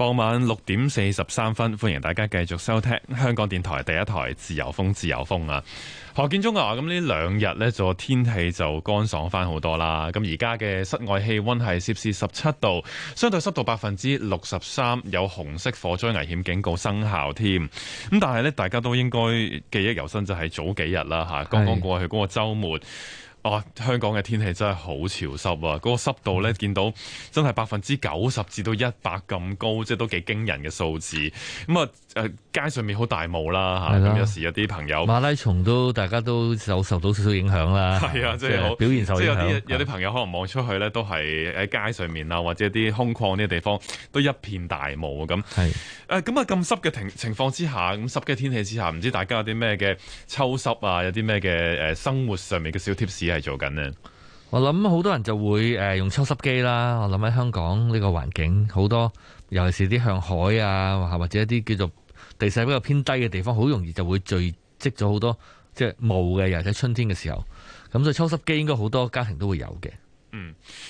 傍晚六點四十三分，歡迎大家繼續收聽香港電台第一台《自由風》，自由風啊！何建中啊，咁呢兩日呢，就天氣就乾爽翻好多啦。咁而家嘅室外氣溫係攝氏十七度，相對濕度百分之六十三，有紅色火災危險警告生效添。咁但係呢，大家都應該記憶猶新，就係早幾日啦，吓剛剛過去嗰個周末。哦，香港嘅天氣真係好潮濕啊！嗰、那個濕度咧、嗯，見到真係百分之九十至到一百咁高，即係都幾驚人嘅數字。咁、嗯、啊，誒、呃、街上面好大霧啦，嚇。咁、嗯、有時有啲朋友馬拉松都大家都受受到少少影響啦。係啊，即係、就是、表現受影響。嗯、有啲朋友可能望出去咧，都係喺街上面啊，或者啲空曠啲嘅地方都一片大霧啊。咁係。誒，咁啊咁濕嘅情情況之下，咁濕嘅天氣之下，唔知大家有啲咩嘅抽濕啊？有啲咩嘅誒生活上面嘅小貼士，啊？即係做緊咧，我諗好多人就會誒用抽濕機啦。我諗喺香港呢個環境，好多尤其是啲向海啊，或者一啲叫做地勢比較偏低嘅地方，好容易就會聚積咗好多即係霧嘅。尤其係春天嘅時候，咁所以抽濕機應該好多家庭都會有嘅。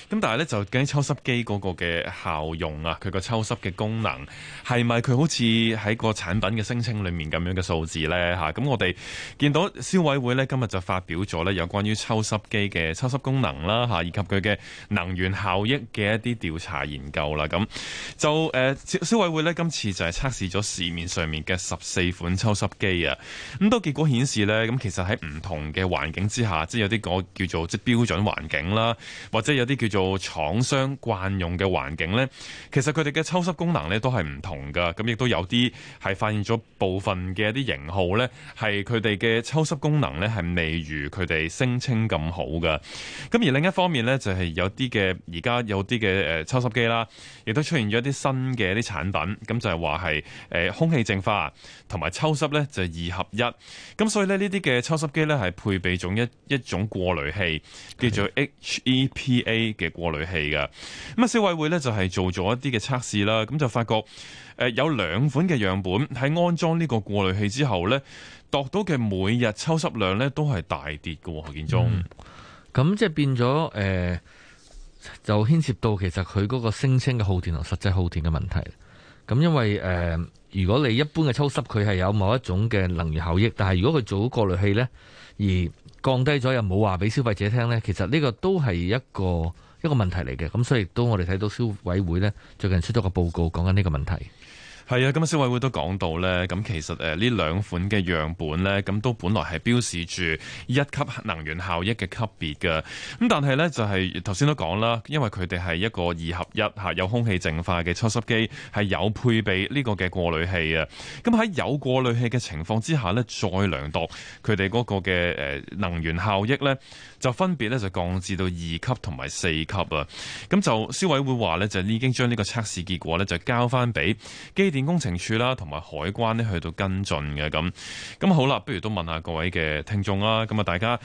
咁但係咧就究竟抽濕機嗰個嘅效用啊，佢個抽濕嘅功能係咪佢好似喺個產品嘅聲稱裏面咁樣嘅數字呢。吓、啊？咁我哋見到消委會呢，今日就發表咗呢有關於抽濕機嘅抽濕功能啦吓、啊，以及佢嘅能源效益嘅一啲調查研究啦咁。啊、就誒消、呃、委會呢，今次就係測試咗市面上面嘅十四款抽濕機啊，咁都結果顯示呢，咁其實喺唔同嘅環境之下，即、就、係、是、有啲叫做即標準環境啦，或者有。一啲叫做廠商慣用嘅環境咧，其實佢哋嘅抽濕功能咧都係唔同噶，咁亦都有啲係發現咗部分嘅一啲型號咧，係佢哋嘅抽濕功能咧係未如佢哋聲稱咁好噶。咁而另一方面咧，就係有啲嘅而家有啲嘅誒抽濕機啦，亦都出現咗一啲新嘅一啲產品，咁就係話係誒空氣淨化同埋抽濕咧就係二合一。咁所以咧呢啲嘅抽濕機咧係配備種一一種過濾器，叫做 HEPA。嘅過濾器噶，咁啊消委會呢就係、是、做咗一啲嘅測試啦，咁就發覺誒有兩款嘅樣本喺安裝呢個過濾器之後呢，度到嘅每日抽濕量呢都係大跌嘅。何建忠，咁即係變咗誒、呃，就牽涉到其實佢嗰個聲稱嘅耗電同實際耗電嘅問題。咁因為誒、呃，如果你一般嘅抽濕佢係有某一種嘅能源效益，但係如果佢做過濾器呢。而。降低咗又冇話俾消費者聽呢？其實呢個都係一個一個問題嚟嘅，咁所以都我哋睇到消委會呢最近出咗個報告講緊呢個問題。係啊，咁啊消委會都講到咧，咁其實誒呢兩款嘅樣本咧，咁都本來係標示住一級能源效益嘅級別嘅，咁但係咧就係頭先都講啦，因為佢哋係一個二合一吓有空氣淨化嘅抽濕機係有配備呢個嘅過濾器啊，咁喺有過濾器嘅情況之下咧，再量度佢哋嗰個嘅誒能源效益咧，就分別咧就降至到二級同埋四級啊，咁就消委會話咧就已經將呢個測試結果咧就交翻俾機電。工程處啦，同埋海關咧，去到跟進嘅咁。咁好啦，不如都問下各位嘅聽眾啦。咁啊，大家呢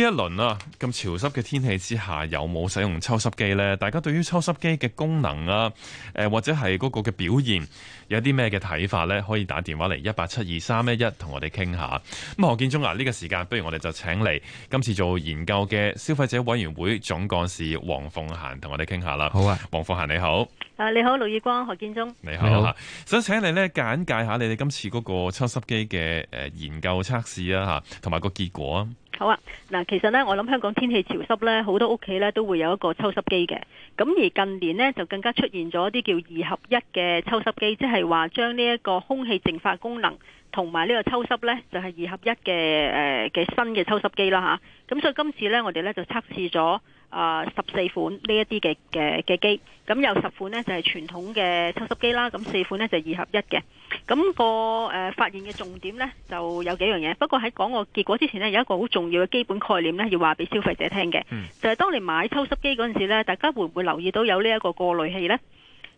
一輪啊咁潮濕嘅天氣之下，有冇使用抽濕機呢？大家對於抽濕機嘅功能啊，誒，或者係嗰個嘅表現，有啲咩嘅睇法呢？可以打電話嚟一八七二三一一，同我哋傾下。咁何建忠啊，呢個時間，不如我哋就請嚟今次做研究嘅消費者委員會總幹事黃鳳嫻，同我哋傾下啦。好啊，黃鳳嫻你好。誒，你好，盧義光，何建忠，你好，想請你呢，簡介下你哋今次嗰個抽濕機嘅誒研究測試啊，吓，同埋個結果啊。好啊，嗱，其實呢，我諗香港天氣潮濕呢，好多屋企呢都會有一個抽濕機嘅。咁而近年呢，就更加出現咗啲叫二合一嘅抽濕機，即係話將呢一個空氣淨化功能同埋呢個抽濕呢，就係二合一嘅誒嘅新嘅抽濕機啦吓。咁所以今次呢，我哋呢就測試咗。啊，十四款呢一啲嘅嘅嘅機，咁有十款呢就係傳統嘅抽濕機啦，咁四款呢就二合一嘅，咁個誒發現嘅重點呢就有幾樣嘢。不過喺講個結果之前呢，有一個好重要嘅基本概念呢要話俾消費者聽嘅，就係當你買抽濕機嗰陣時呢，大家會唔會留意到有呢一個過濾器呢？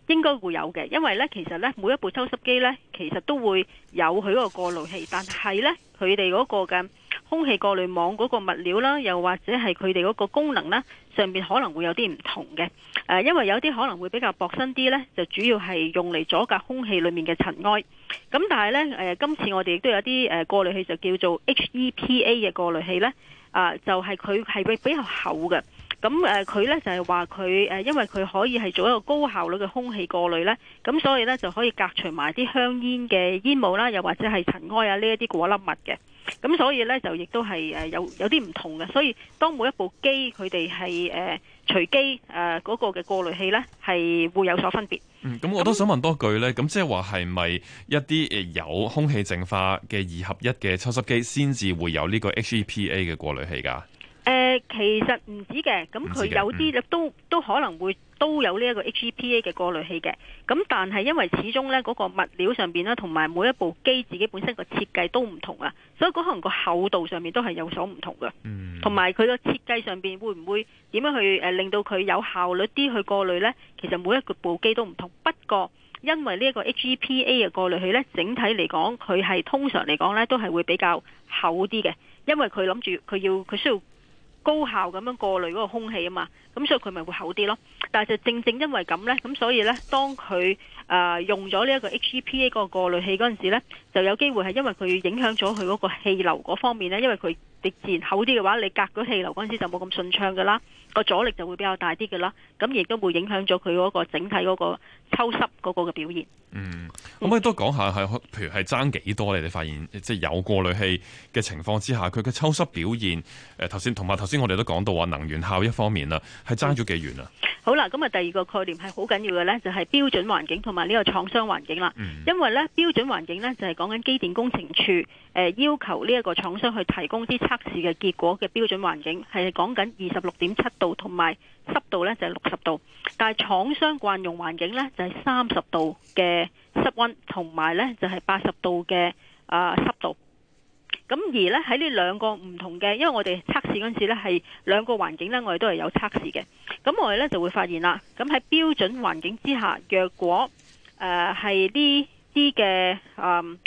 應該會有嘅，因為呢其實呢每一部抽濕機呢其實都會有佢個過濾器，但係呢佢哋嗰個嘅。空氣過濾網嗰個物料啦，又或者係佢哋嗰個功能啦，上邊可能會有啲唔同嘅。誒，因為有啲可能會比較薄身啲呢，就主要係用嚟阻隔空氣裡面嘅塵埃。咁但係呢，誒，今次我哋亦都有啲誒過濾器就叫做 HEPA 嘅過濾器呢，啊，就係佢係比比較厚嘅。咁誒，佢呢，就係話佢誒，因為佢可以係做一個高效率嘅空氣過濾呢。咁所以呢，就可以隔除埋啲香煙嘅煙霧啦，又或者係塵埃啊呢一啲顆粒物嘅。咁所以咧就亦都係誒有有啲唔同嘅，所以當每一部機佢哋係誒隨機誒嗰個嘅過濾器咧係會有所分別。嗯，咁我都想問多句咧，咁即係話係咪一啲有空氣淨化嘅二合一嘅抽濕機先至會有呢個 HEPA 嘅過濾器噶？誒，其實唔止嘅，咁佢有啲都都可能會都有呢一個 HEPA 嘅過濾器嘅。咁但係因為始終呢嗰個物料上面，咧，同埋每一部機自己本身個設計都唔同啊，所以嗰可能個厚度上面都係有所唔同嘅。嗯，同埋佢個設計上面會唔會點樣去令到佢有效率啲去過濾呢？其實每一個部機都唔同。不過因為呢一個 HEPA 嘅過濾器呢，整體嚟講佢係通常嚟講呢都係會比較厚啲嘅，因為佢諗住佢要佢需要。高效咁樣過濾嗰個空氣啊嘛，咁所以佢咪會厚啲咯。但係就正正因為咁咧，咁所以咧，當佢誒、呃、用咗呢一個 H E P A 個過濾器嗰陣時咧。就有機會係因為佢影響咗佢嗰個氣流嗰方面呢，因為佢自然厚啲嘅話，你隔嗰氣流嗰陣時就冇咁順暢嘅啦，個阻力就會比較大啲嘅啦，咁亦都會影響咗佢嗰個整體嗰個抽濕嗰個嘅表現。嗯，可唔可以都講下係，譬如係爭幾多？你哋發現即係、就是、有過濾器嘅情況之下，佢嘅抽濕表現？誒，頭先同埋頭先我哋都講到話能源效益一方面啦，係爭咗幾遠啊？好啦，咁啊，第二個概念係好緊要嘅呢，就係、是、標準環境同埋呢個廠商環境啦、嗯。因為呢標準環境呢，就係、是、講，講緊機電工程處誒，要求呢一個廠商去提供啲測試嘅結果嘅標準環境，係講緊二十六點七度同埋濕度呢就係六十度，但係廠商慣用環境呢，就係三十度嘅室溫，同埋呢就係八十度嘅啊濕度。咁而呢，喺呢兩個唔同嘅，因為我哋測試嗰陣時呢係兩個環境呢，我哋都係有測試嘅。咁我哋呢就會發現啦，咁喺標準環境之下，若果誒係呢啲嘅嗯。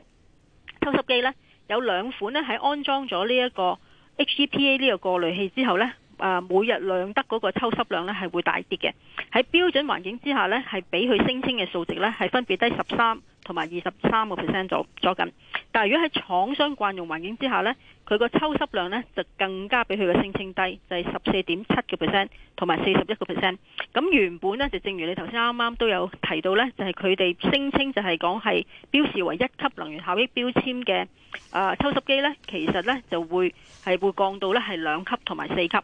抽濕機呢，有兩款呢，喺安裝咗呢一個 HEPA 呢個過濾器之後呢，每日量得嗰個抽濕量呢係會大啲嘅。喺標準環境之下呢，係比佢聲稱嘅數值呢，係分別低十三，同埋二十三個 percent 左左緊，但係如果喺廠商慣用環境之下呢，佢個抽濕量呢就更加比佢嘅聲稱低就係，就係十四點七個 percent 同埋四十一個 percent。咁原本呢，就正如你頭先啱啱都有提到呢就係佢哋聲稱就係講係標示為一級能源效益標籤嘅啊抽濕機呢，其實呢就會係會降到呢係兩級同埋四級。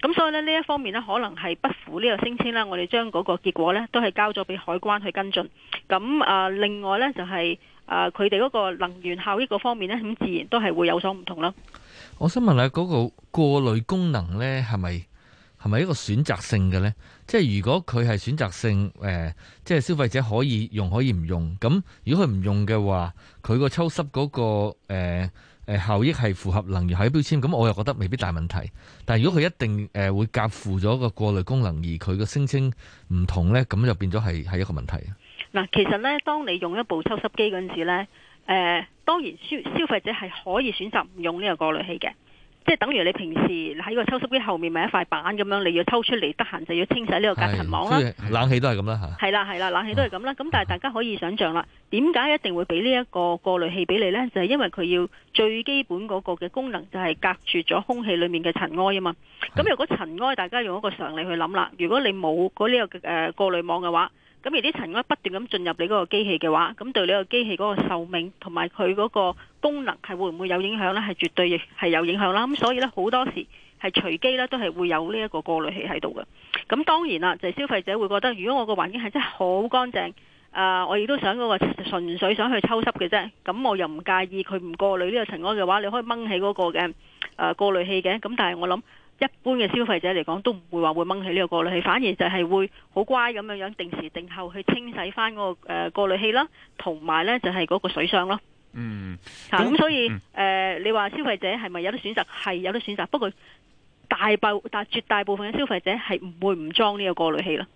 咁所以咧呢一方面咧，可能係不符呢個聲稱啦。我哋將嗰個結果呢都係交咗俾海關去跟進。咁啊，另外呢，就係啊，佢哋嗰個能源效益嗰方面呢，咁自然都係會有所唔同啦。我想問下嗰、個過濾功能呢係咪係咪一個選擇性嘅呢？即係如果佢係選擇性誒、呃，即係消費者可以用可以唔用？咁如果佢唔用嘅話，佢、個抽濕嗰個誒。呃效益係符合能源效益標籤，咁我又覺得未必大問題。但如果佢一定誒會夾附咗個過濾功能，而佢嘅聲稱唔同呢，咁就變咗係一個問題。嗱，其實呢，當你用一部抽濕機嗰陣時咧，當然消消費者係可以選擇唔用呢個過濾器嘅。即係等於你平時喺個抽濕機後面咪一塊板咁樣，你要抽出嚟，得閒就要清洗呢個隔塵網啦。冷氣都係咁啦，係係啦係啦，冷氣都係咁啦。咁、啊、但係大家可以想象啦，點解一定會俾呢一個過濾器俾你呢？就係、是、因為佢要最基本嗰個嘅功能就係隔住咗空氣裏面嘅塵埃啊嘛。咁如果塵埃，大家用一個常理去諗啦。如果你冇嗰呢個誒過濾網嘅話，咁而啲塵埃不斷咁進入你嗰個機器嘅話，咁對你個機器嗰個壽命同埋佢嗰個。功能係會唔會有影響呢？係絕對係有影響啦。咁所以呢，好多時係隨機呢都係會有呢一個過濾器喺度嘅。咁當然啦，就係、是、消費者會覺得，如果我個環境係真係好乾淨，我亦都想嗰個純粹想去抽濕嘅啫。咁我又唔介意佢唔過濾呢個塵埃嘅話，你可以掹起嗰、那個嘅、呃、過過濾器嘅。咁但係我諗，一般嘅消費者嚟講，都唔會話會掹起呢個過濾器，反而就係會好乖咁樣樣，定時定候去清洗翻、那、嗰個誒、呃、過濾器啦，同埋呢就係、是、嗰個水箱咯。嗯，咁、那個，所以誒、嗯呃，你話消費者係咪有得選擇？係有得選擇，不過大部但絕大部分嘅消費者係唔會唔裝呢個過濾器咯。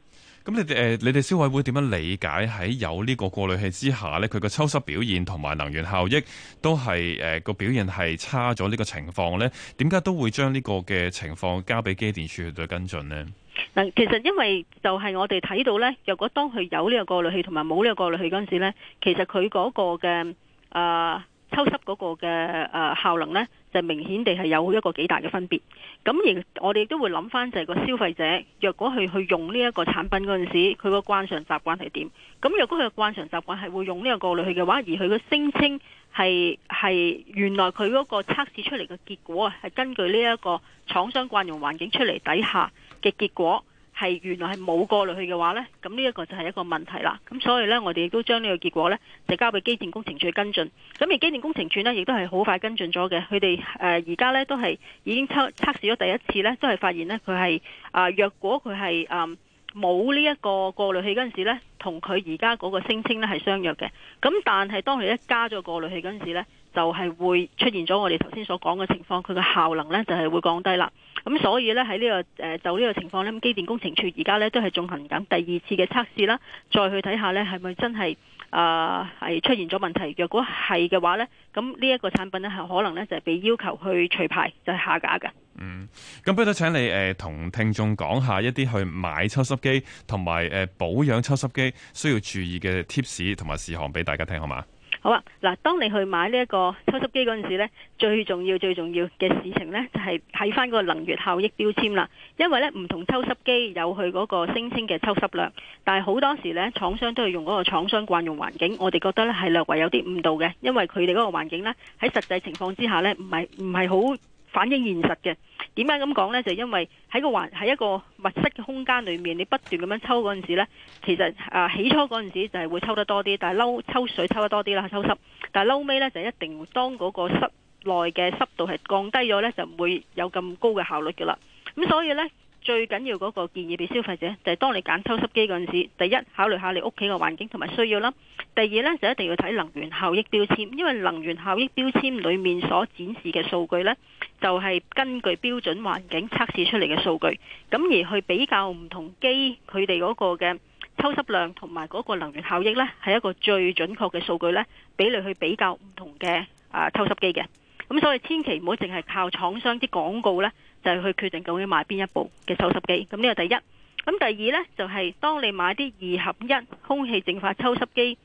咁你誒、呃，你哋消委會點樣理解喺有呢個過濾器之下呢？佢個抽濕表現同埋能源效益都係誒個表現係差咗呢個情況呢？點解都會將呢個嘅情況交俾機電處去跟進呢？嗱，其實因為就係我哋睇到呢，若果當佢有呢個過濾器同埋冇呢個過濾器嗰陣時呢，其實佢嗰個嘅。誒抽濕嗰個嘅誒效能呢，就明顯地係有一個幾大嘅分別。咁而我哋都會諗翻就係個消費者，若果佢去用呢一個產品嗰陣時，佢個慣常習慣係點？咁若果佢嘅慣常習慣係會用呢個過濾器嘅話，而佢嘅聲稱係係原來佢嗰個測試出嚟嘅結果，係根據呢一個廠商慣用環境出嚟底下嘅結果。係原來係冇過濾器嘅話呢，咁呢一個就係一個問題啦。咁所以呢，我哋亦都將呢個結果呢，就交俾機電工程處去跟進。咁而機電工程處呢，亦都係好快跟進咗嘅。佢哋誒而家呢，都係已經測測試咗第一次呢，都係發現呢，佢係啊，若果佢係冇呢一個過濾器嗰陣時咧，同佢而家嗰個聲稱呢係相若嘅。咁但係當佢一加咗過濾器嗰陣時咧，就係、是、會出現咗我哋頭先所講嘅情況，佢嘅效能呢就係會降低啦。咁所以呢、這個，喺呢個誒就呢個情況呢機電工程處而家呢都係進行緊第二次嘅測試啦，再去睇下呢係咪真係啊係出現咗問題。若果係嘅話呢，咁呢一個產品呢，係可能呢就係被要求去除牌就係、是、下架嘅。嗯，咁不如都請你誒同、呃、聽眾講下一啲去買抽濕機同埋誒保養抽濕機需要注意嘅 tips 同埋事項俾大家聽好嘛？好啊，嗱，當你去買呢一個抽濕機嗰陣時咧，最重要最重要嘅事情呢，就係睇翻個能源效益標籤啦。因為呢，唔同抽濕機有佢嗰個聲稱嘅抽濕量，但係好多時候呢，廠商都係用嗰個廠商慣用環境，我哋覺得咧係略為有啲誤導嘅，因為佢哋嗰個環境呢，喺實際情況之下呢，唔係唔係好。反映現實嘅，點解咁講呢？就因為喺個環喺一個密室嘅空間裏面，你不斷咁樣抽嗰陣時呢，其實啊起初嗰陣時就係會抽得多啲，但係抽水抽得多啲啦，抽濕，但係溜尾呢，就一定當嗰個室內嘅濕度係降低咗呢，就唔會有咁高嘅效率嘅啦。咁所以呢。最緊要嗰個建議俾消費者，就係當你揀抽濕機嗰陣時，第一考慮下你屋企嘅環境同埋需要啦；第二呢，就一定要睇能源效益標籤，因為能源效益標籤裡面所展示嘅數據呢，就係根據標準環境測試出嚟嘅數據，咁而去比較唔同機佢哋嗰個嘅抽濕量同埋嗰個能源效益呢，係一個最準確嘅數據呢，俾你去比較唔同嘅抽濕機嘅。咁所以千祈唔好淨係靠廠商啲廣告咧，就係去決定究竟買邊一部嘅抽濕機。咁呢個第一。咁第二咧，就係當你買啲二合一空氣淨化抽濕機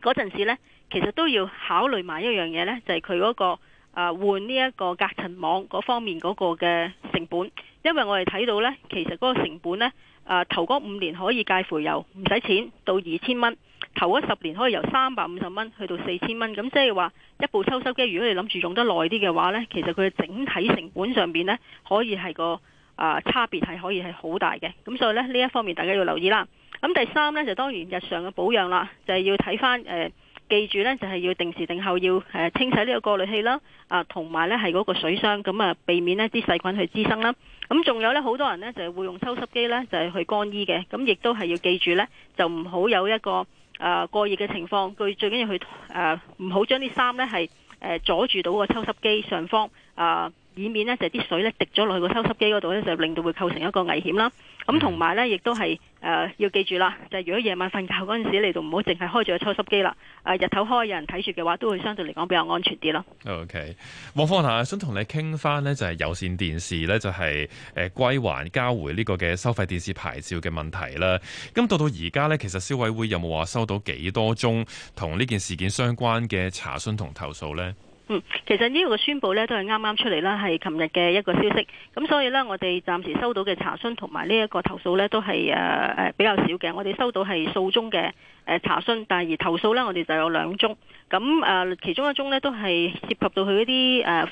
嗰陣時咧，其實都要考慮埋一樣嘢咧，就係佢嗰個啊換呢一個隔塵網嗰方面嗰個嘅成本。因為我哋睇到咧，其實嗰個成本咧，啊頭嗰五年可以介乎由唔使錢到二千蚊。頭一十年可以由三百五十蚊去到四千蚊，咁即係話一部抽濕機，如果你諗住用得耐啲嘅話呢，其實佢整體成本上邊呢，可以係個啊差別係可以係好大嘅，咁所以呢，呢一方面大家要留意啦。咁第三呢，就當然日常嘅保養啦，就係要睇翻，誒，記住呢，就係要定時定候要清洗呢個過濾器啦，啊同埋呢係嗰個水箱，咁啊避免呢啲細菌去滋生啦。咁仲有呢，好多人呢，就係會用抽濕機呢，就係去乾衣嘅，咁亦都係要記住呢，就唔好有一個。誒、啊，過熱嘅情況，佢最緊要去誒，唔好將啲衫咧係誒阻住到個抽濕機上方啊。以免呢，就啲水呢滴咗落去個抽濕機嗰度呢，就令到會構成一個危險啦。咁同埋呢，亦都係誒、呃、要記住啦，就係如果夜晚瞓覺嗰陣時，你就唔好淨係開住個抽濕機啦。誒日頭開有人睇住嘅話，都會相對嚟講比較安全啲咯。OK，黃總啊，想同你傾翻呢，就係、是、有線電視呢，就係誒歸還交回呢個嘅收費電視牌照嘅問題啦。咁到到而家呢，其實消委會有冇話收到幾多宗同呢件事件相關嘅查詢同投訴呢？嗯，其實這個呢個嘅宣佈呢都係啱啱出嚟啦，係琴日嘅一個消息。咁所以呢，我哋暫時收到嘅查詢同埋呢一個投訴呢，都係誒誒比較少嘅。我哋收到係數宗嘅、呃、查詢，但係而投訴呢，我哋就有兩宗。咁誒、呃，其中一宗呢，都係涉及到佢一啲誒、呃、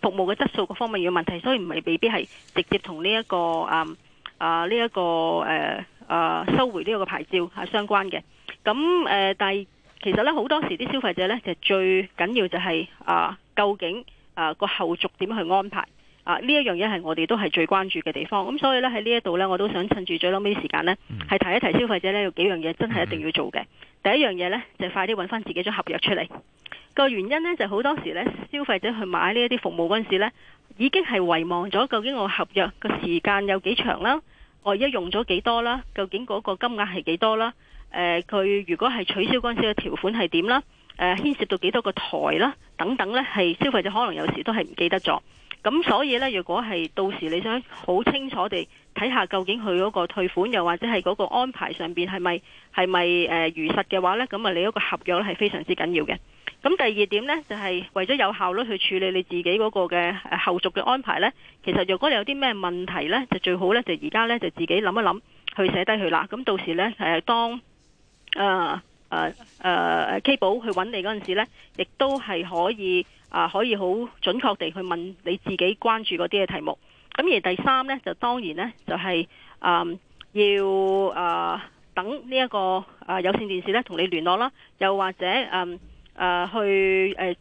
服務嘅質素嘅方面嘅問題，所以唔係未必係直接同呢一個誒誒呢一個誒誒、呃、收回呢個牌照係相關嘅。咁誒、呃，但係。其實咧，好多時啲消費者咧就最緊要就係啊，究竟啊個後續點去安排啊？呢一樣嘢係我哋都係最關注嘅地方。咁所以咧喺呢一度咧，我都想趁住最臨尾時間呢，係提一提消費者呢，有幾樣嘢真係一定要做嘅。第一樣嘢呢，就係快啲揾翻自己張合約出嚟。個原因呢，就好多時呢，消費者去買呢一啲服務嗰陣時呢，已經係遺忘咗究竟我合約個時間有幾長啦，我而家用咗幾多啦，究竟嗰個金額係幾多啦？誒、呃、佢如果係取消嗰陣時嘅條款係點啦？誒、呃、牽涉到幾多個台啦？等等呢，係消費者可能有時都係唔記得咗。咁所以呢，如果係到時你想好清楚地睇下究竟佢嗰個退款，又或者係嗰個安排上邊係咪係咪誒如實嘅話呢，咁啊，你嗰個合約係非常之緊要嘅。咁第二點呢，就係為咗有效率去處理你自己嗰個嘅後續嘅安排呢，其實，如果你有啲咩問題呢，就最好呢，就而家呢，就自己諗一諗，去寫低佢啦。咁到時呢誒當。誒誒誒，Cable 去揾你嗰陣時咧，亦都係可以啊，uh, 可以好準確地去問你自己關注嗰啲嘅題目。咁而第三咧，就當然咧，就係、是、嗯，um, 要誒、uh, 等呢、這、一個誒、uh, 有線電視咧同你聯絡啦，又或者嗯誒、um, uh, 去誒。Uh,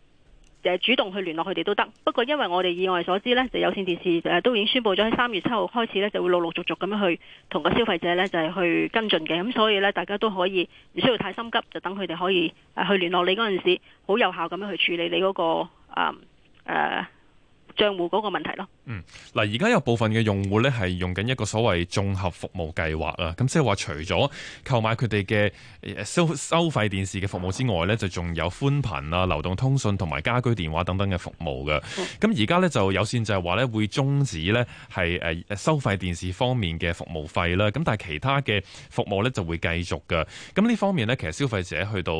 就主動去聯絡佢哋都得，不過因為我哋意外所知呢就有線電視都已經宣佈咗喺三月七號開始呢，就會陸陸續續咁樣去同個消費者呢，就係去跟進嘅，咁所以呢，大家都可以唔需要太心急，就等佢哋可以去聯絡你嗰陣時，好有效咁樣去處理你嗰個誒誒賬戶嗰個問題咯。嗯，嗱，而家有部分嘅用戶咧，係用緊一個所謂綜合服務計劃啊，咁即係話除咗購買佢哋嘅收收費電視嘅服務之外咧，就仲有寬頻啊、流動通訊同埋家居電話等等嘅服務嘅。咁而家咧就有線就係話咧會終止咧係誒收費電視方面嘅服務費啦，咁但係其他嘅服務咧就會繼續嘅。咁呢方面呢，其實消費者去到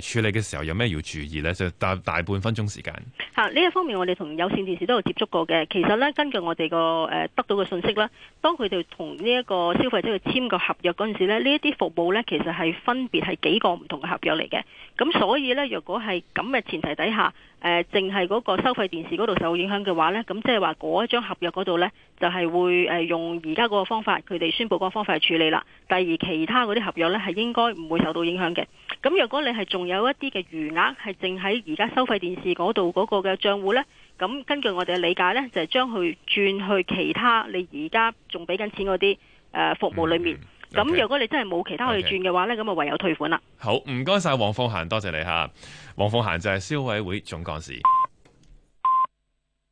誒處理嘅時候有咩要注意咧？就大大半分鐘時間。吓，呢一方面我哋同有線電視都有接觸過嘅，其實。根據我哋個誒得到嘅信息啦，當佢哋同呢一個消費者去簽個合約嗰陣時，呢一啲服務呢其實係分別係幾個唔同嘅合約嚟嘅。咁所以呢，若果係咁嘅前提底下，誒淨係嗰個收費電視嗰度受影響嘅話呢，咁即係話嗰一張合約嗰度呢，就係會誒用而家嗰個方法，佢哋宣佈嗰個方法去處理啦。第二，其他嗰啲合約呢，係應該唔會受到影響嘅。咁若果你係仲有一啲嘅餘額係淨喺而家收費電視嗰度嗰個嘅賬戶呢。咁根據我哋嘅理解呢，就係，是，將佢轉去其他你而家仲俾緊錢嗰啲誒服務裡面。咁，嗯嗯嗯，如果你真係冇其他可以轉嘅話呢，咁、okay. 啊唯有退款啦。好，唔該晒，黃鳳嫻，多謝你嚇。黃鳳嫻就係消委會總幹事。